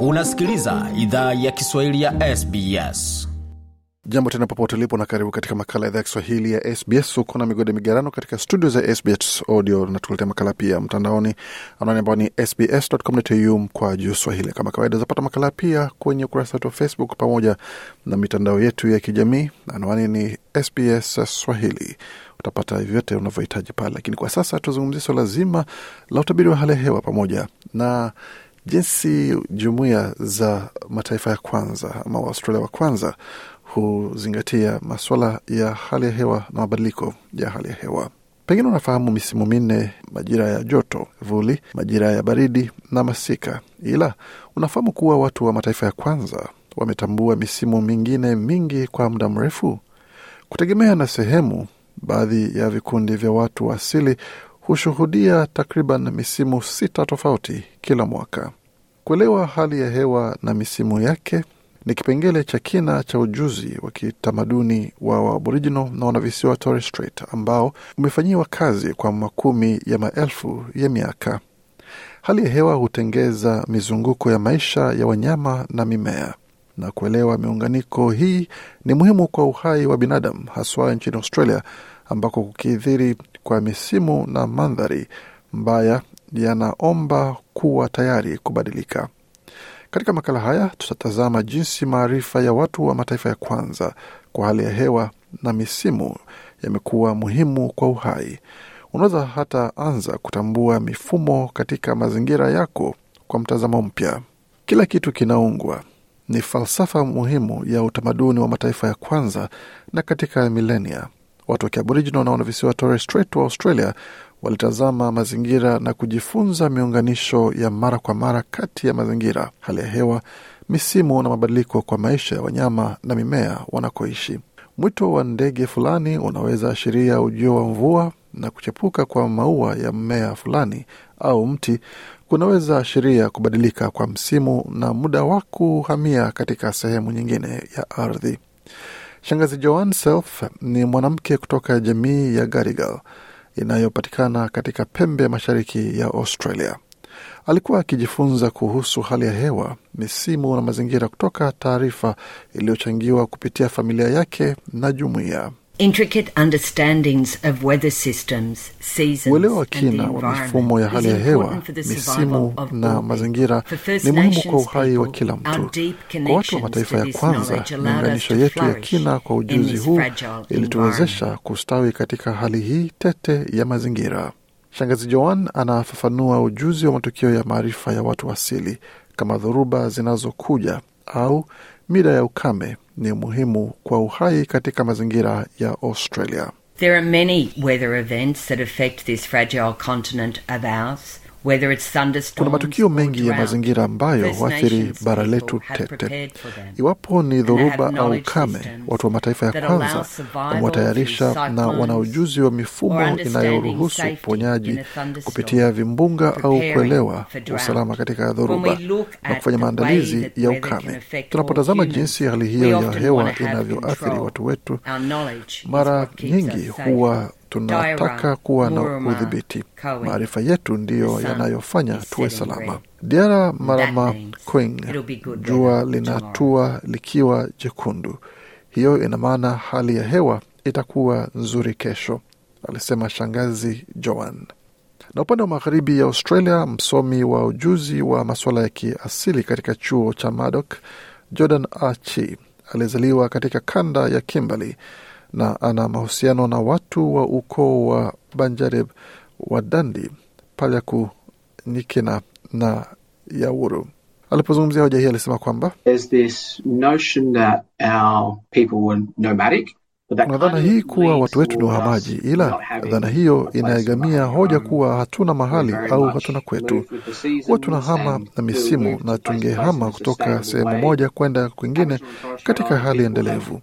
Unasikiliza idhaa ya Kiswahili ya SBS. Jambo tena popote ulipo na karibu katika makala idhaa ya Kiswahili ya SBS. Uko na migode migarano katika studio za SBS Audio na makala pia mtandaoni, anaoni ambao ni sbs.com.au kwa juu swahili. Kama kawaida, zapata makala pia kwenye ukurasa wetu wa Facebook pamoja na mitandao yetu ya kijamii, anwani ni SBS Swahili. Utapata vyote unavyohitaji pale, lakini kwa sasa tuzungumzia swala zima la utabiri wa hali ya hewa pamoja na jinsi jumuiya za mataifa ya kwanza ama Waaustralia wa kwanza huzingatia maswala ya hali ya hewa na mabadiliko ya hali ya hewa. Pengine unafahamu misimu minne: majira ya joto, vuli, majira ya baridi na masika. Ila unafahamu kuwa watu wa mataifa ya kwanza wametambua misimu mingine mingi kwa muda mrefu? Kutegemea na sehemu, baadhi ya vikundi vya watu wa asili hushuhudia takriban misimu sita tofauti kila mwaka. Kuelewa hali ya hewa na misimu yake ni kipengele cha kina cha ujuzi wa kitamaduni wa Waaboriginal na wanavisiwa Torres Strait ambao umefanyiwa kazi kwa makumi ya maelfu ya miaka. Hali ya hewa hutengeza mizunguko ya maisha ya wanyama na mimea, na kuelewa miunganiko hii ni muhimu kwa uhai wa binadamu, haswa nchini Australia ambako kukithiri kwa misimu na mandhari mbaya yanaomba kuwa tayari kubadilika. Katika makala haya tutatazama jinsi maarifa ya watu wa mataifa ya kwanza kwa hali ya hewa na misimu yamekuwa muhimu kwa uhai. Unaweza hata anza kutambua mifumo katika mazingira yako kwa mtazamo mpya. Kila kitu kinaungwa ni falsafa muhimu ya utamaduni wa mataifa ya kwanza na katika milenia Watu wa Kiaboriginal wanaona visiwa Torres Strait wa Australia walitazama mazingira na kujifunza miunganisho ya mara kwa mara kati ya mazingira, hali ya hewa, misimu na mabadiliko kwa maisha ya wanyama na mimea wanakoishi. Mwito wa ndege fulani unaweza ashiria ujio wa mvua, na kuchepuka kwa maua ya mmea fulani au mti kunaweza ashiria kubadilika kwa msimu na muda wa kuhamia katika sehemu nyingine ya ardhi. Shangazi Joan Self ni mwanamke kutoka jamii ya garigal inayopatikana katika pembe ya mashariki ya Australia. Alikuwa akijifunza kuhusu hali ya hewa, misimu na mazingira kutoka taarifa iliyochangiwa kupitia familia yake na jumuiya. Intricate understandings of weather systems, seasons, uelewa wa kina wa mifumo ya hali ya hewa, misimu na mazingira ni muhimu kwa uhai wa kila mtu. Kwa watu wa mataifa ya kwanza, miunganisho yetu ya kina kwa ujuzi huu ilituwezesha kustawi katika hali hii tete ya mazingira. Shangazi Joan anafafanua ujuzi wa matukio ya maarifa ya watu asili kama dhoruba zinazokuja au ya ukame ni muhimu kwa uhai katika mazingira ya Australia. There are many weather events that affect this fragile continent of ours. Kuna matukio mengi ya mazingira ambayo huathiri bara letu tete. Iwapo ni dhoruba au ukame, watu wa mataifa ya kwanza wamewatayarisha na wana ujuzi wa mifumo inayoruhusu uponyaji kupitia vimbunga au kuelewa usalama katika dhoruba na kufanya maandalizi ya ukame. Tunapotazama jinsi hali hiyo ya hewa inavyoathiri watu wetu, mara nyingi huwa tunataka kuwa na udhibiti. Maarifa yetu ndiyo yanayofanya tuwe salama. Diara Marama Quing, jua linatua likiwa jekundu, hiyo ina maana hali ya hewa itakuwa nzuri kesho, alisema shangazi Joan. Na upande wa magharibi ya Australia, msomi wa ujuzi wa masuala ya kiasili katika chuo cha Murdoch Jordan Archie alizaliwa katika kanda ya Kimberley na ana mahusiano na watu wa ukoo wa Banjareb wa Dandi, Palyaku, Nikina na yawuru Alipozungumzia hoja hii alisema kwamba kuna dhana hii kuwa watu wetu ni wahamaji, ila dhana hiyo inaegamia hoja kuwa hatuna mahali au hatuna kwetu. Huwa tunahama na misimu, na tungehama kutoka sehemu moja kwenda kwingine katika hali endelevu.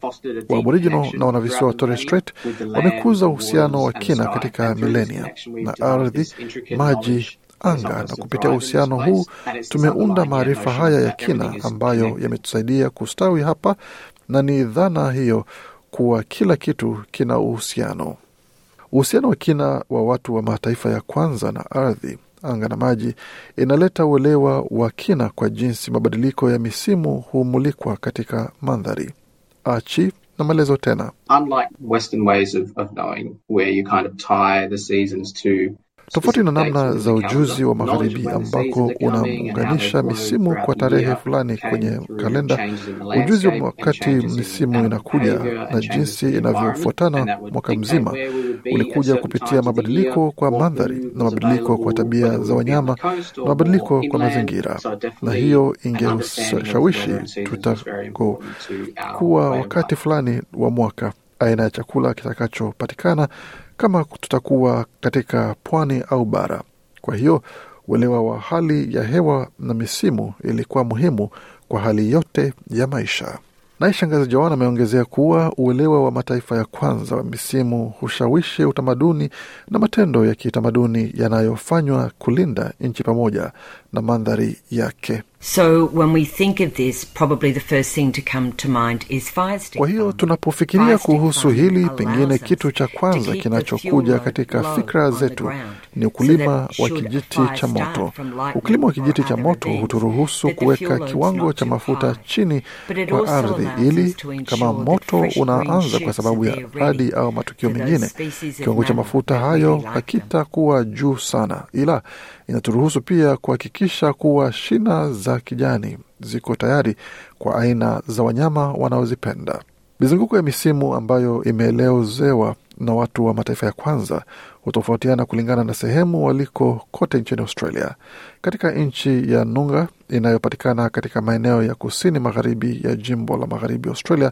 Waaboriginal na wanavisiwa Torres Strait wamekuza uhusiano wa kina katika milenia na ardhi, maji anga na kupitia uhusiano huu tumeunda maarifa haya ya kina ambayo yametusaidia kustawi hapa, na ni dhana hiyo kuwa kila kitu kina uhusiano. Uhusiano wa kina wa watu wa mataifa ya kwanza na ardhi, anga na maji inaleta uelewa wa kina kwa jinsi mabadiliko ya misimu humulikwa katika mandhari. Achi na maelezo tena. Unlike western ways of, of knowing where you kind of tie the seasons to tofauti na namna za ujuzi wa magharibi ambako unaunganisha misimu kwa tarehe fulani kwenye kalenda. Ujuzi wakati misimu inakuja na jinsi inavyofuatana mwaka mzima ulikuja kupitia mabadiliko kwa mandhari na mabadiliko kwa tabia za wanyama na mabadiliko kwa mazingira, na hiyo ingeshawishi tutakokuwa wakati fulani wa mwaka aina ya chakula kitakachopatikana kama tutakuwa katika pwani au bara. Kwa hiyo uelewa wa hali ya hewa na misimu ilikuwa muhimu kwa hali yote ya maisha. Naye shangazi Joan ameongezea kuwa uelewa wa mataifa ya kwanza wa misimu hushawishi utamaduni na matendo ya kitamaduni yanayofanywa kulinda nchi pamoja na mandhari yake. So when we think of this, probably the first thing to come to mind is fire stick. Kwa hiyo tunapofikiria kuhusu hili, pengine kitu cha kwanza kinachokuja katika fikra zetu ni ukulima wa kijiti cha moto. Ukulima wa kijiti cha moto huturuhusu kuweka kiwango cha mafuta chini kwa ardhi, ili kama moto unaanza kwa sababu ya radi au matukio mengine, kiwango cha mafuta hayo hakitakuwa juu sana, ila inaturuhusu pia kuhakikisha kuhakikisha kuwa shina za kijani ziko tayari kwa aina za wanyama wanaozipenda. Mizunguko ya misimu ambayo imeelezewa na watu wa mataifa ya kwanza hutofautiana kulingana na sehemu waliko kote nchini Australia. Katika nchi ya Nunga inayopatikana katika maeneo ya kusini magharibi ya jimbo la magharibi Australia,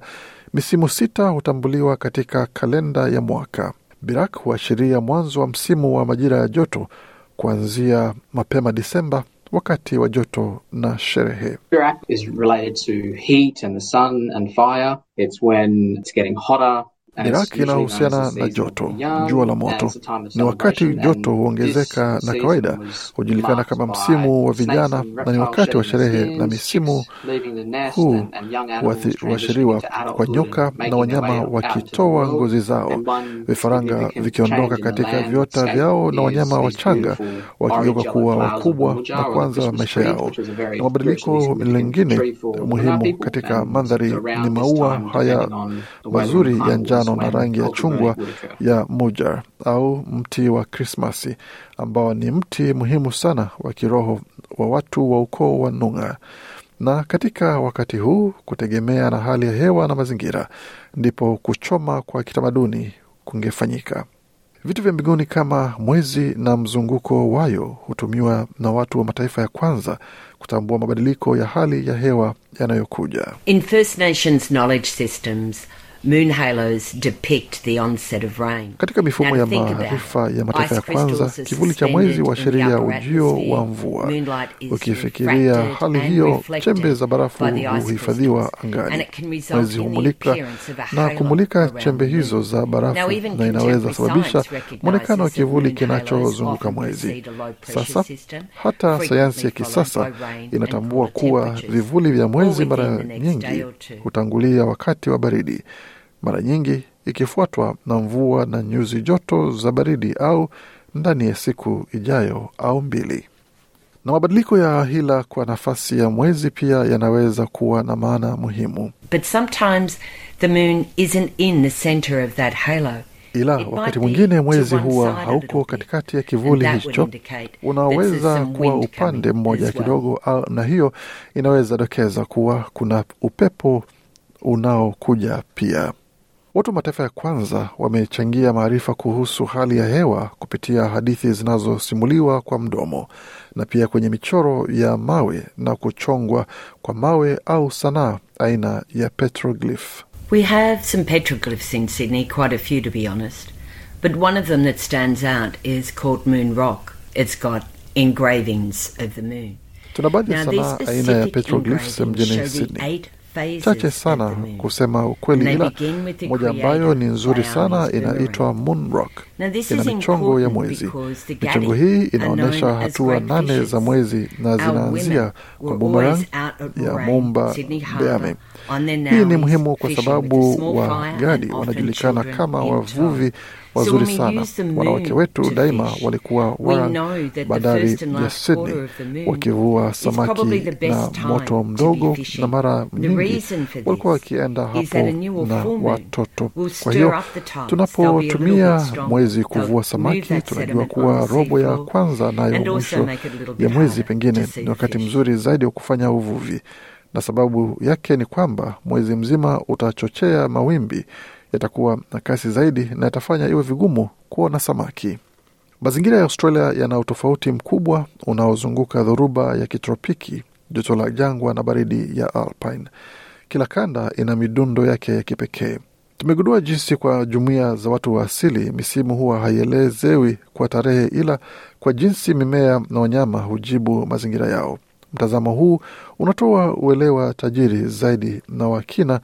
misimu sita hutambuliwa katika kalenda ya mwaka. Birak huashiria mwanzo wa msimu wa majira ya joto kuanzia mapema Disemba wakati wa joto na sherehe. Is related to heat and the sun and fire. It's when it's getting hotter Iraq inahusiana na joto, jua la moto. Ni wakati joto huongezeka, na kawaida hujulikana kama msimu wa vijana, na ni wakati wa sherehe, na misimu huu huashiriwa kwa nyoka na wanyama wakitoa ngozi zao, vifaranga vikiondoka katika viota vyao, na wanyama wachanga wakigeuka kuwa wakubwa na kuanza maisha yao. Na mabadiliko lingine muhimu katika mandhari ni maua haya mazuri ya njano njano na rangi ya chungwa ya mujar au mti wa Krismasi ambao ni mti muhimu sana wa kiroho wa watu wa ukoo wa Nunga. Na katika wakati huu, kutegemea na hali ya hewa na mazingira, ndipo kuchoma kwa kitamaduni kungefanyika. Vitu vya mbinguni kama mwezi na mzunguko wayo hutumiwa na watu wa mataifa ya kwanza kutambua mabadiliko ya hali ya hewa yanayokuja. In First Nations knowledge systems Moon halos depict the onset of rain. Katika mifumo ya maarifa ya mataifa ya kwanza, kivuli cha mwezi huashiria ujio wa mvua. Ukifikiria hali hiyo, chembe za barafu huhifadhiwa angani, mwezi humulika na kumulika chembe hizo za barafu, na inaweza sababisha mwonekano wa kivuli kinachozunguka mwezi. Sasa hata sayansi ya kisasa inatambua kuwa vivuli vya mwezi mara nyingi hutangulia wakati wa baridi mara nyingi ikifuatwa na mvua na nyuzi joto za baridi au ndani ya siku ijayo au mbili. Na mabadiliko ya hila kwa nafasi ya mwezi pia yanaweza kuwa na maana muhimu. But sometimes the moon isn't in the center of that halo. Ila wakati mwingine mwezi huwa hauko katikati ya kivuli hicho, unaweza kuwa upande mmoja well. kidogo, na hiyo inaweza dokeza kuwa kuna upepo unaokuja pia. Watu wa mataifa ya kwanza wamechangia maarifa kuhusu hali ya hewa kupitia hadithi zinazosimuliwa kwa mdomo na pia kwenye michoro ya mawe na kuchongwa kwa mawe au sanaa aina ya petroglyph. We have some petroglyphs in Sydney, quite a few to be honest, but one of them that stands out is called Moon Rock. It's got engravings of the moon. Tuna baadhi ya sanaa aina ya petroglyphs mjini Sydney chache sana kusema ukweli, ila moja ambayo ni nzuri sana inaitwa Moonrock. Ina michongo ya mwezi. Michongo hii inaonyesha hatua nane za mwezi na zinaanzia kwa bumerang ya mumba beame. Hii ni muhimu kwa sababu Wagadi wanajulikana kama wavuvi wazuri sana. Wanawake wetu daima walikuwa wa bandari ya Sydney wakivua samaki na moto mdogo, na mara nyingi walikuwa wakienda hapo na watoto. Kwa hiyo tunapotumia mwezi kuvua samaki, tunajua kuwa robo ya kwanza nayo mwisho ya mwezi pengine ni wakati mzuri zaidi wa kufanya uvuvi na sababu yake ni kwamba mwezi mzima utachochea mawimbi yatakuwa na kasi zaidi na yatafanya iwe vigumu kuona samaki. Mazingira ya Australia yana utofauti mkubwa unaozunguka dhoruba ya kitropiki, joto la jangwa na baridi ya alpine. Kila kanda ina midundo yake ya kipekee. Tumegundua jinsi kwa jumuiya za watu wa asili misimu huwa haielezewi kwa tarehe, ila kwa jinsi mimea na wanyama hujibu mazingira yao. Mtazamo huu unatoa uelewa tajiri zaidi na wa kina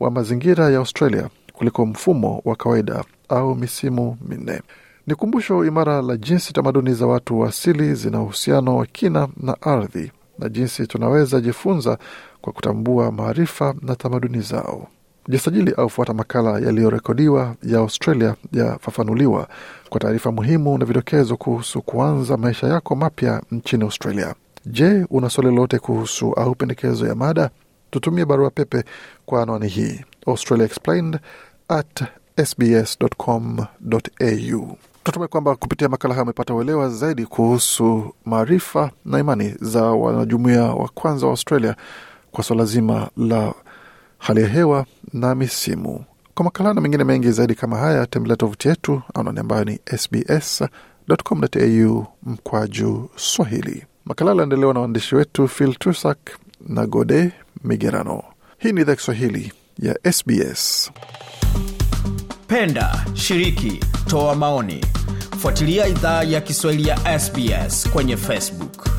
wa mazingira ya Australia kuliko mfumo wa kawaida au misimu minne. Ni kumbusho imara la jinsi tamaduni za watu wa asili zina uhusiano wa kina na ardhi na jinsi tunaweza jifunza kwa kutambua maarifa na tamaduni zao. Jisajili au fuata makala yaliyorekodiwa ya Australia yafafanuliwa kwa taarifa muhimu na vidokezo kuhusu kuanza maisha yako mapya nchini Australia. Je, una swali lolote kuhusu au pendekezo ya mada? Tutumie barua pepe kwa anwani hii Australia Explained at sbs.com.au. Tunatumai kwamba kupitia makala haya amepata uelewa zaidi kuhusu maarifa na imani za wanajumuia wa kwanza wa Australia kwa suala zima la hali ya hewa na misimu. Kwa makala na mengine mengi zaidi kama haya, tembelea tovuti yetu anwani ambayo ni sbs.com.au mkwaju Swahili. Makala alaendelewa na waandishi wetu Phil Tusak na Gode Migerano. Hii ni idhaa Kiswahili ya SBS. Penda, shiriki, toa maoni. Fuatilia idhaa ya Kiswahili ya SBS kwenye Facebook.